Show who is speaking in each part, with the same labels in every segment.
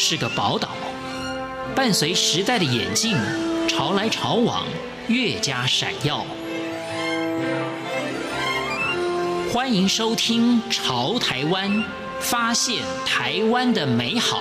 Speaker 1: 是個寶島，伴隨時代的眼鏡，潮來潮往，越加閃耀。歡迎收聽《潮台灣》，發現台灣的美好。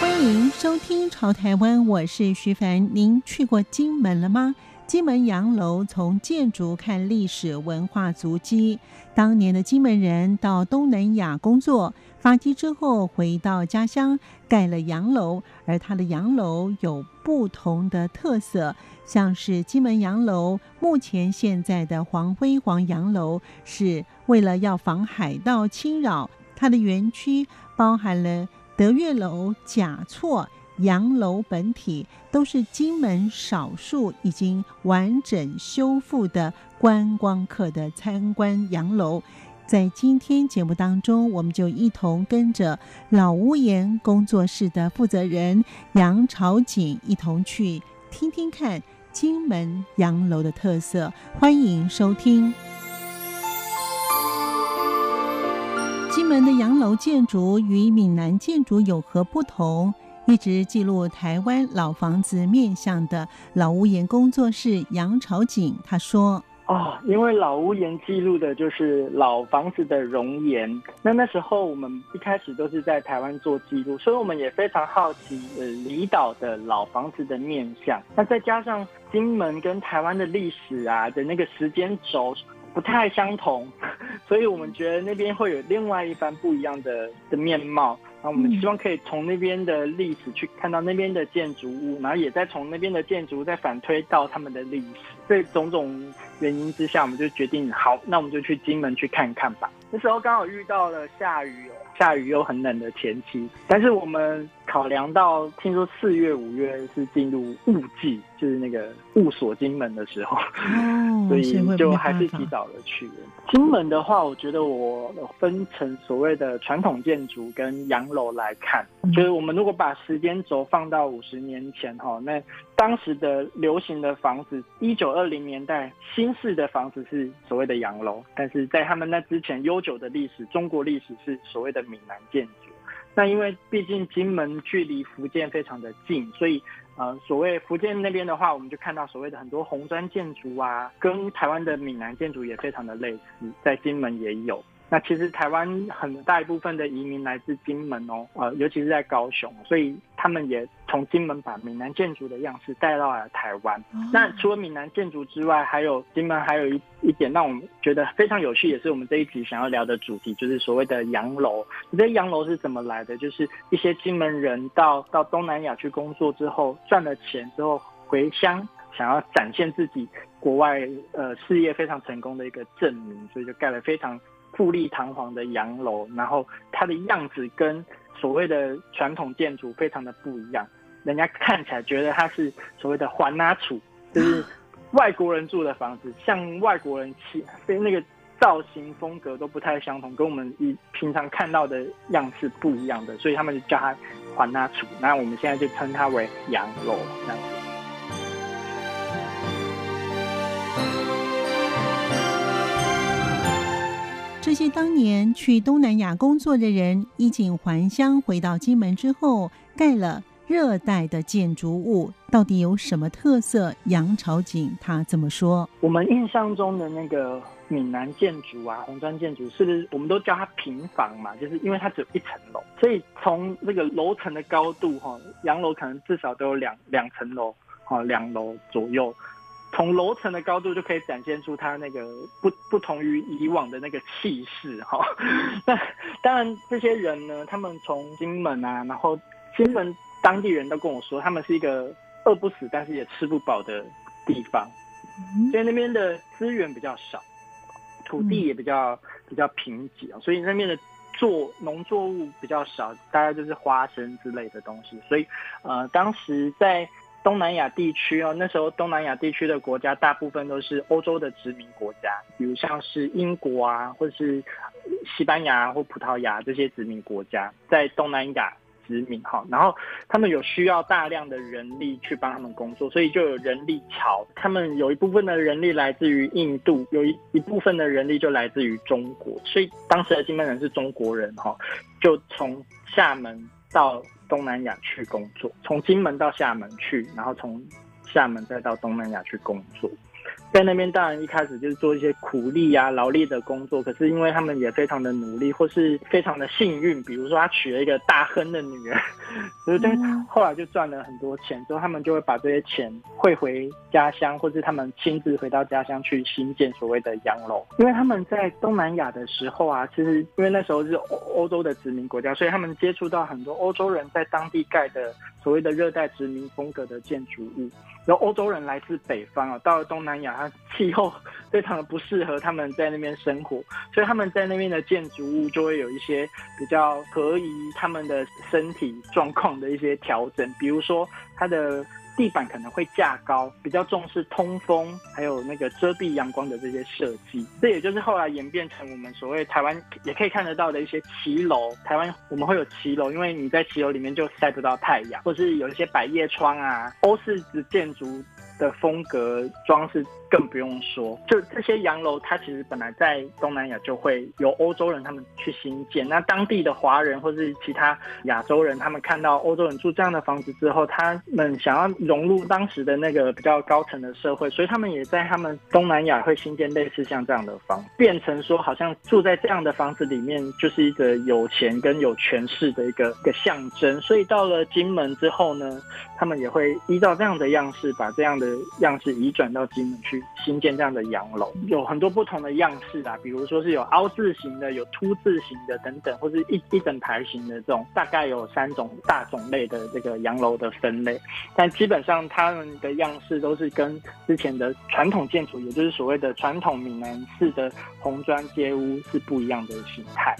Speaker 2: 歡迎收聽《潮台灣》，我是徐凡。您去過金門了嗎？金門洋樓，從建築看歷史文化足跡。當年的金門人到東南亞工作發跡之後，回到家鄉蓋了洋樓，而它的洋樓有不同的特色，像是金門洋樓。目前現在的黃輝煌洋樓是為了要防海盜侵擾，它的園區包含了得月樓、甲厝、洋樓本體都是金門少數已經完整修復的觀光客的參觀洋樓，在今天節目當中，我們就一同跟着老屋顏工作室的負責人楊朝景一同去聽聽看金門洋樓的特色。歡迎收聽。金門的洋樓建築與閩南建築有何不同？一直記錄台灣老房子面向的老屋顏工作室楊朝景他說
Speaker 1: 哦：“哦因為老屋顏記錄的就是老房子的容顏。那那時候我們一開始都是在台灣做記錄，所以我們也非常好奇呃離島的老房子的面相。那再加上金門跟台灣的歷史啊的那個時間軸不太相同，所以我們覺得那邊會有另外一番不一樣的的面貌。”那、啊、我們希望可以從那邊的歷史去看到那邊的建築物，然後也再從那邊的建築物再反推到他們的歷史。所以種種原因之下，我們就決定，好，那我們就去金門去看看吧。那時候剛好遇到了下雨了，下雨又很冷的天氣，但是我們。考量到聽說四月五月是進入霧季，就是那個霧鎖金門的時候，oh,
Speaker 2: 所以就還
Speaker 1: 是提早了去了。金門的話，我覺得我分成所謂的傳統建築跟洋樓來看，就是我們如果把時間軸放到五十年前哈，那當時的流行的房子，一九二零年代新式的房子是所謂的洋樓，但是在他們那之前悠久的歷史，中國歷史是所謂的閩南建築。那因為畢竟金門距離福建非常的近，所以呃，所謂福建那邊的話，我們就看到所謂的很多紅磚建築啊，跟台灣的閩南建築也非常的類似，在金門也有。那其實台灣很大一部分的移民來自金門哦，呃，尤其是在高雄，所以。他們也從金門把閩南建築的樣式帶到了台灣。哦、那除了閩南建築之外，還有金門還有一一點讓我們覺得非常有趣，也是我們這一集想要聊的主題，就是所謂的洋樓。這些洋樓是怎麼來的？就是一些金門人到到東南亞去工作之後賺了錢之後回鄉，想要展現自己國外呃事業非常成功的一個證明，所以就蓋了非常富麗堂皇的洋樓。然後它的樣子跟。所謂的傳統建築非常的不一樣，人家看起來覺得它是所謂的“番仔厝”，就是外國人住的房子，像外國人起，那個造型風格都不太相同，跟我們以平常看到的樣式不一樣的，所以他們就叫它“番仔厝”。那我們現在就稱它為
Speaker 2: 洋樓這樣子。這些當年去東南亞工作的人衣錦還鄉回到金門之後，蓋了熱帶的建築物，到底有什麼特色？楊朝景他怎麼說：“我們印
Speaker 1: 象中的那個閩南建築啊，紅磚建築是不是我們都叫它平房嘛，就是因為它只有一層樓，所以從那個樓層的高度哈，洋樓可能至少都有兩兩層樓，啊，兩樓左右。”從樓層的高度就可以展現出它那個不不同於以往的那個氣勢哈。那當然，這些人呢，他們從金門啊，然後金門當地人都跟我說，他們是一個餓不死但是也吃不飽的地方，所以那邊的資源比較少，土地也比較比較貧瘠啊，所以那邊的作農作物比較少，大概就是花生之類的東西。所以呃，當時在。東南亞地區哦，那時候東南亞地區的國家大部分都是歐洲的殖民國家，比如像是英國啊，或是西班牙或葡萄牙這些殖民國家，在東南亞殖民哈、哦，然後他們有需要大量的人力去幫他們工作，所以就有人力橋，他們有一部分的人力來自於印度，有一一部分的人力就來自於中國，所以當時的金門人是中國人哈、哦，就從廈門。到東南亞去工作，從金門到廈門去，然後從廈門再到東南亞去工作。在那邊，當然一開始就是做一些苦力啊、勞力的工作。可是因為他們也非常的努力，或是非常的幸運，比如說他娶了一個大亨的女兒，所以等後來就賺了很多錢。之後他們就會把這些錢匯回家鄉，或是他們親自回到家鄉去新建所謂的洋樓。因為他們在東南亞的時候啊，其實因為那時候是歐洲的殖民國家，所以他們接觸到很多歐洲人在當地蓋的所謂的熱帶殖民風格的建築物。由歐洲人來自北方啊，到了東南亞，氣候非常的不適合他們在那邊生活，所以他們在那邊的建築物就會有一些比較合宜他們的身體狀況的一些調整，比如說他的。地板可能會架高，比較重視通風，還有那個遮蔽陽光的這些設計。這也就是後來演變成我們所謂台灣也可以看得到的一些騎樓。台灣我們會有騎樓，因為你在騎樓裡面就曬不到太陽，或是有一些百葉窗啊，歐式的建築。的風格裝飾更不用說，就這些洋樓，它其實本來在東南亞就會由歐洲人他們去新建，那當地的華人或者是其他亞洲人，他們看到歐洲人住這樣的房子之後，他們想要融入當時的那個比較高層的社會，所以他們也在他們東南亞會新建類似像這樣的房，變成說好像住在這樣的房子裡面就是一個有錢跟有權勢的一個一個象徵，所以到了金門之後呢，他們也會依照這樣的樣式把這樣的。樣式移轉到金門去新建這樣的洋樓，有很多不同的樣式啦，啊，比如說是有凹字型的，有凸字型的等等，或是一一整排型的這種，大概有三種大種類的這個洋樓的分類。但基本上它們的樣式都是跟之前的傳統建築，也就是所謂的傳統閩南式的紅磚街屋是不一樣的形態。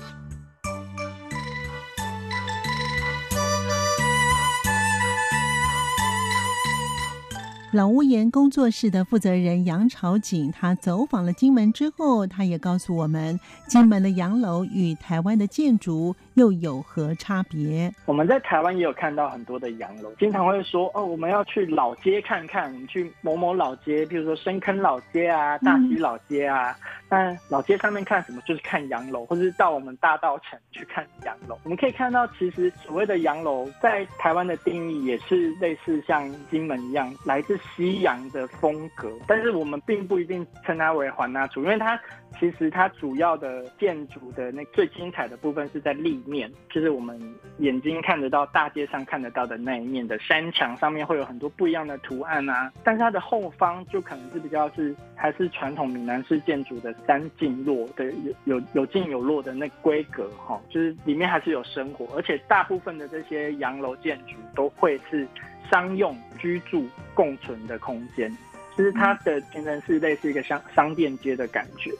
Speaker 2: 老屋顏工作室的負責人楊朝景，他走訪了金門之後，他也告訴我們，金門的洋樓與台灣的建築。又有何差別？
Speaker 1: 我們在台灣也有看到很多的洋樓，經常會說哦，我們要去老街看看，我們去某某老街，譬如說深坑老街啊、大溪老街啊。嗯、那老街上面看什麼？就是看洋樓，或者是到我們大稻埕去看洋樓。我們可以看到，其實所謂的洋樓在台灣的定義也是類似像金門一樣，來自西洋的風格，但是我們並不一定稱它為番仔厝，因為它。其實它主要的建築的那最精彩的部分是在立面，就是我們眼睛看得到、大街上看得到的那一面的山牆上面會有很多不一樣的圖案啊。但是它的後方就可能是比較是還是傳統閩南式建築的三進落的有有有進有落的那規格哈，就是裡面還是有生活，而且大部分的這些洋樓建築都會是商用居住共存的空間。其實它的形成是類似一個商商店街的感覺，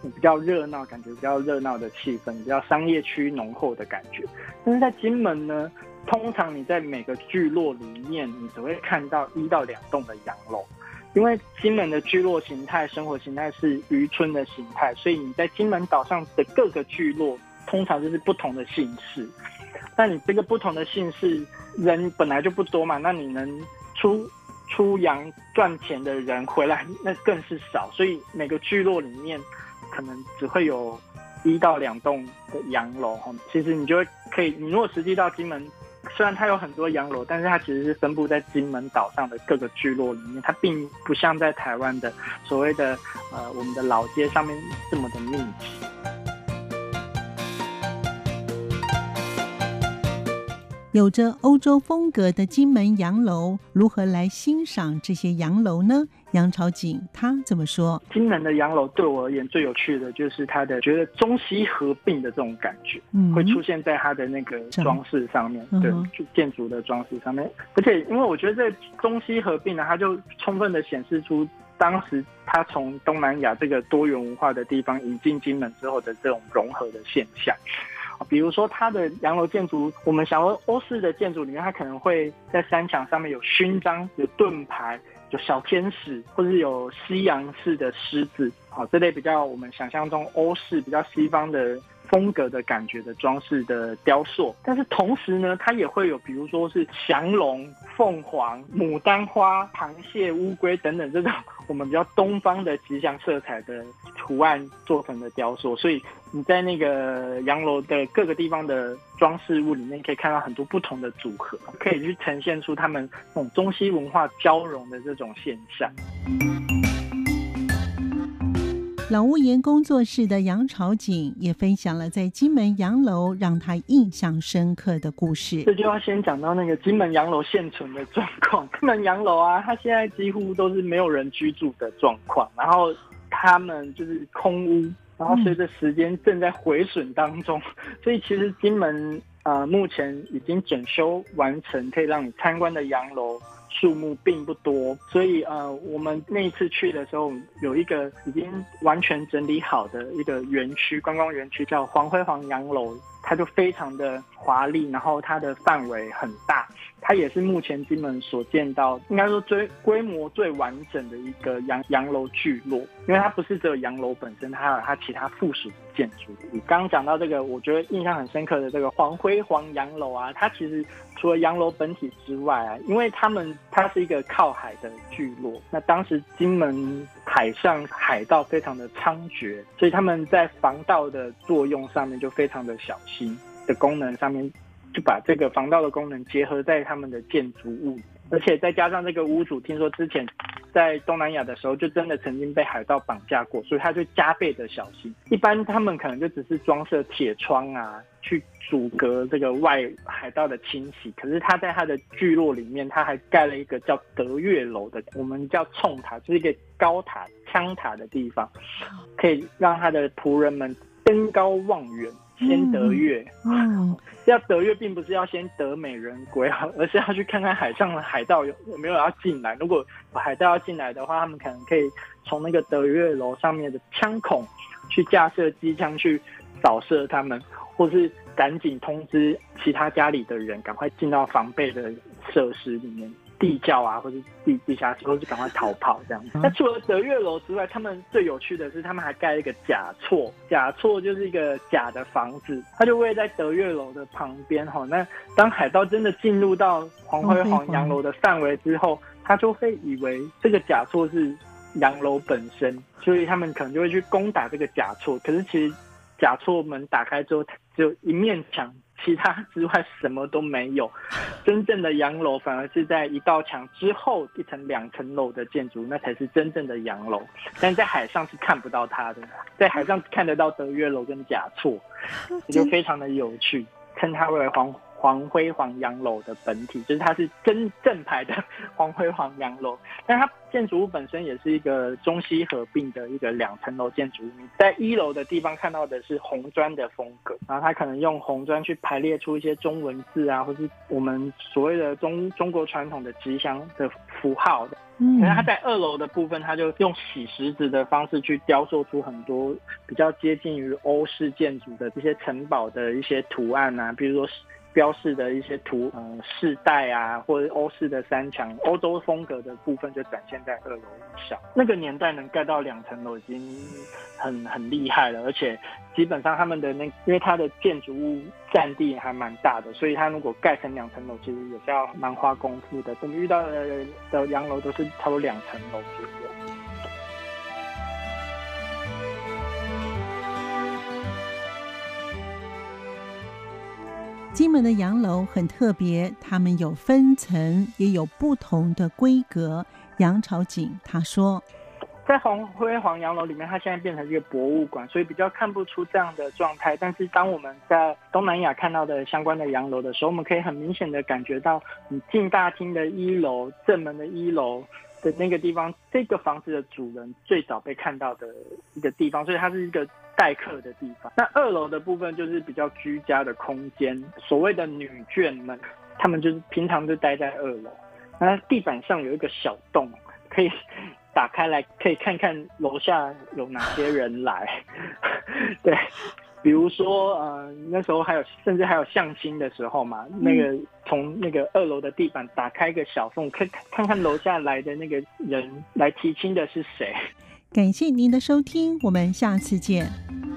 Speaker 1: 你比較熱鬧，感覺比較熱鬧的氣氛，你比較商業區濃厚的感覺。但是在金門呢，通常你在每個聚落裡面，你只會看到一到兩棟的洋樓，因為金門的聚落形態、生活形態是漁村的形態，所以你在金門島上的各個聚落，通常就是不同的姓氏。但你這個不同的姓氏人本來就不多嘛，那你能出出洋賺錢的人回來，那更是少，所以每個聚落裡面可能只會有一到兩棟的洋樓。其實你就會可以，你如果實際到金門，雖然它有很多洋樓，但是它其實是分布在金門島上的各個聚落裡面，它並不像在台灣的所謂的呃，我們的老街上面這麼的密集。
Speaker 2: 有着歐洲風格的金門洋樓，如何來欣賞這些洋樓呢？楊朝景他怎麼說？金門
Speaker 1: 的洋樓對我而言最有趣的就是它的覺得中西合併的這種感覺，嗯、會出現在他的那個裝飾上面，麼對，就建築的裝飾上面。嗯、哼而且因為我覺得在中西合併呢，它就充分的顯示出當時他從東南亞這個多元文化的地方引進金門之後的這種融合的現象。比如說它的洋樓建築，我們想說歐式的建築裡面，它可能會在山牆上面有勳章、有盾牌、有小天使，或者有西洋式的獅子，啊，這類比較我們想象中歐式、比較西方的風格的感覺的裝飾的雕塑。但是同時呢，它也會有，比如說是祥龍、鳳凰、牡丹花、螃蟹、烏龜等等這種我們比較東方的吉祥色彩的圖案做成的雕塑，所以你在那個洋樓的各個地方的裝飾物裡面，可以看到很多不同的組合，可以去呈現出他們那種中西文化交融的這種現象。
Speaker 2: 老屋顏工作室的楊朝景也分享了在金門洋樓讓他印象深刻的故事。這
Speaker 1: 就要先講到那個金門洋樓現存的狀況。金門洋樓啊，它現在幾乎都是沒有人居住的狀況，然後。他們就是空屋，然後隨着時間正在毀損當中，嗯、所以其實金門呃目前已經整修完成，可以讓你參觀的洋樓數目並不多，所以呃我們那一次去的時候，有一個已經完全整理好的一個園區，觀光園區叫黃輝煌洋樓，它就非常的華麗，然後它的範圍很大。它也是目前金門所見到，應該說最規模最完整的一個洋洋樓聚落，因為它不是只有洋樓本身，它還有它其他附屬建築。剛剛講到這個，我覺得印象很深刻的這個黃輝煌洋樓啊，它其實除了洋樓本體之外啊，因為他們它是一個靠海的聚落，那當時金門海上海盜非常的猖獗，所以他們在防盜的作用上面就非常的小心的功能上面。就把這個防盜的功能結合在他們的建築物，而且再加上這個屋主聽說之前在東南亞的時候就真的曾經被海盜綁架過，所以他就加倍的小心。一般他們可能就只是裝設鐵窗啊，去阻隔這個外海盜的侵襲。可是他在他的聚落裡面，他還蓋了一個叫得月樓的，我們叫沖塔，就是一個高塔，槍塔的地方，可以讓他的僕人們登高望遠。先得月，
Speaker 2: 嗯
Speaker 1: 嗯、要得月，並不是要先得美人歸啊，而是要去看看海上的海盜有有沒有要進來。如果海盜要進來的話，他們可能可以從那個得月樓上面的槍孔去架設機槍去掃射他們，或是趕緊通知其他家裡的人，趕快進到防備的設施裡面。地窖啊，或者地地下室，或是趕快逃跑這樣子。那、嗯、除了得月樓之外，他們最有趣的是，他們還蓋了一個假厝。假厝就是一個假的房子，它就位在得月樓的旁邊吼。那當海盜真的進入到黃輝煌洋樓的範圍之後，他就會以為這個假厝是洋樓本身，所以他們可能就會去攻打這個假厝。可是其實假厝門打開之後，只有一面牆。其他之外什麼都沒有，真正的洋樓反而是在一道牆之後一層兩層樓的建築，那才是真正的洋樓。但在海上是看不到它的，在海上看得到德月樓跟假厝，也就非常的有趣。稱它為黃。黃輝煌洋樓的本體就是，它是真正牌的黃輝煌洋樓，但它建築物本身也是一個中西合璧的一個兩層樓建築。你在一樓的地方看到的是紅磚的風格，然後它可能用紅磚去排列出一些中文字啊，或是我們所謂的中中國傳統的吉祥的符號的，嗯，然後它在二樓的部分，它就用洗石子的方式去雕塑出很多比較接近於歐式建築的這些城堡的一些圖案啊，比如說。標示的一些圖，嗯，世代啊，或者歐式的三牆，歐洲風格的部分就展現在二樓以上。那個年代能蓋到兩層樓已經很很厲害了，而且基本上他們的那，因為它的建築物占地還蠻大的，所以他如果蓋成兩層樓，其實也是要蠻花功夫的。我們遇到的的洋樓都是差不多兩層樓。
Speaker 2: 金門的洋樓很特別，它們有分層，也有不同的規格。楊朝景他說，
Speaker 1: 在黃輝煌洋樓裡面，它現在變成一個博物館，所以比較看不出這樣的狀態。但是當我們在東南亞看到的相關的洋樓的時候，我們可以很明顯的感覺到，你進大廳的一樓，正門的一樓。對，那個地方，這個房子的主人最早被看到的一個地方，所以它是一個待客的地方。那二樓的部分就是比較居家的空間，所謂的女眷們，她們就是平常就待在二樓。那地板上有一個小洞，可以打開來，可以看看樓下有哪些人來。對。比如說，呃，那時候還有，甚至還有相親的時候嘛，嗯。那個從那個二樓的地板打開一個小縫，看，看看樓下來的那個人來提親的是誰？
Speaker 2: 感謝您的收聽，我們下次見。